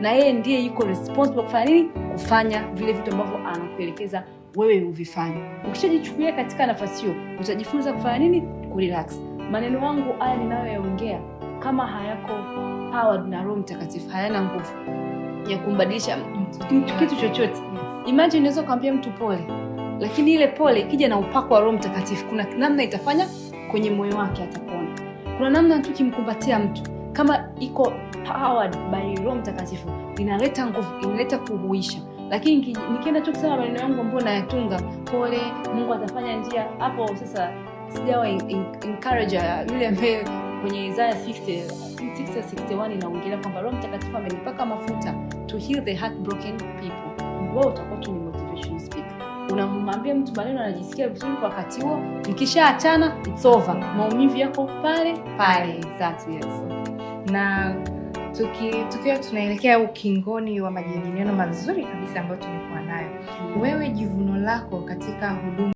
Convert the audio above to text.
na yeye ndiye yuko responsible kufanya nini? Kufanya vile vitu ambavyo anakuelekeza wewe uvifanye. Ukishajichukulia katika nafasi hiyo, utajifunza kufanya nini? Kurelax. Maneno wangu haya ninayoyaongea, kama hayako powered na Roho Mtakatifu, hayana nguvu ya kumbadilisha mtu kitu chochote. Imagine unaweza ukaambia mtu pole, lakini ile pole ikija na upako wa Roho Mtakatifu, kuna namna itafanya kwenye moyo wake, atapona. Kuna namna tu kimkumbatia mtu kama iko powered by Roho Mtakatifu inaleta nguvu, inaleta kuhuisha. Lakini nikienda tu kusema maneno yangu ambayo nayatunga, pole, Mungu atafanya njia hapo. Sasa sijawa encourage yule ambaye kwenye Isaya 60 61 inaongelea kwamba Roho Mtakatifu amenipaka mafuta to heal the heartbroken people. Wewe utakuwa tu ni motivation speaker unamwambia mtu maneno anajisikia vizuri kwa wakati huo, mkishaachana it's over, maumivu yako pale pale. That, yes na tuki, tukiwa tunaelekea ukingoni wa majadiliano mazuri kabisa ambayo tumekuwa nayo, wewe jivuno lako katika huduma